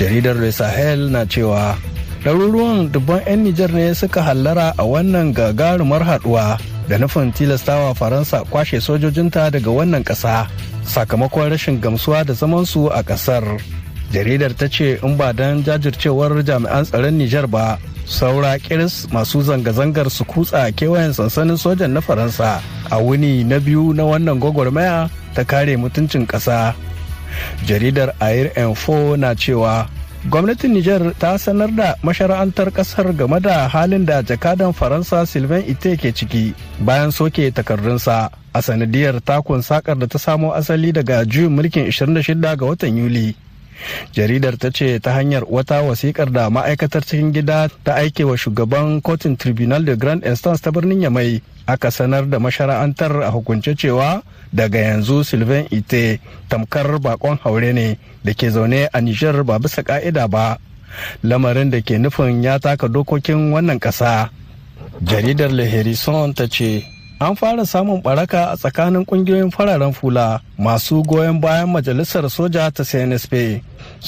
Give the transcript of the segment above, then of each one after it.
jaridar le sahel na cewa ɗaruruwan dubban 'yan nijar ne suka hallara a wannan gagarumar haɗuwa da nufin tilastawa faransa kwashe sojojinta daga wannan ƙasa sakamakon rashin gamsuwa da zaman su a ƙasar jaridar ta ce in ba don jajircewar jami'an tsaron nijar ba saura kiris masu zanga-zangar su kutsa kewayen sansanin sojan na faransa a wuni na biyu na wannan gwagwarmaya ta kare mutuncin ƙasa jaridar air info na cewa gwamnatin niger ta sanar da mashara'antar kasar game da halin da jakadan faransa sylvain ite ke ciki bayan soke takardunsa a sanadiyar takun sakar da ta samo asali daga juyin mulkin 26 ga watan yuli jaridar ta ce ta hanyar wata wasiƙar da ma'aikatar cikin gida ta aike wa shugaban kotun tribunal de grand instance ta birnin yamai aka sanar da mashara'antar a hukunce cewa daga yanzu sylvain ite tamkar bakon haure ne da ke zaune a Niger ba bisa ka'ida ba lamarin da ke nufin ya taka dokokin wannan ƙasa jaridar le ta ce an fara samun baraka a tsakanin kungiyoyin fararen fula masu goyon bayan majalisar soja ta cnsp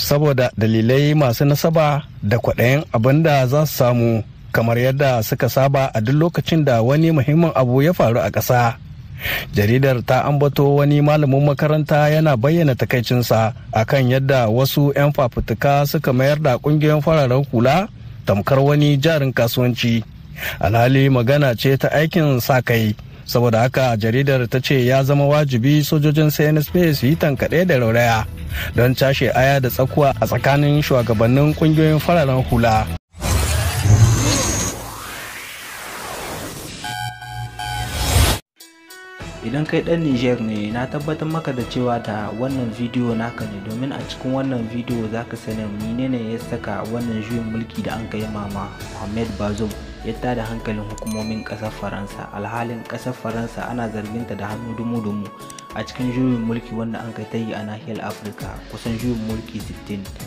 saboda dalilai masu nasaba da kwaɗayin abin da za su samu kamar yadda suka saba a duk lokacin da wani muhimmin abu ya faru a ƙasa jaridar ta ambato wani malamin makaranta yana bayyana takaicinsa akan yadda wasu 'yan fafutuka suka mayar da kungiyoyin fararen hula tamkar wani jarin kasuwanci alhali magana ce ta aikin sa kai saboda haka jaridar ta ce ya zama wajibi sojojin cnsp su yi tankaɗe da rauraya don cashe aya da tsakuwa a tsakanin shugabannin ƙungiyoyin fararen hula idan kai dan niger ne na tabbatar maka da cewa da wannan bidiyo naka ne domin a cikin wannan bidiyo zaka sani sanin ya saka wannan juyin mulki da an kai mama mohamed bazoum ya tada hankalin hukumomin kasar faransa alhalin kasar faransa ana zarginta da hannu dumu-dumu a cikin juyin mulki wanda an kai ta yi a nahiyar afirka kusan juyin mulki 16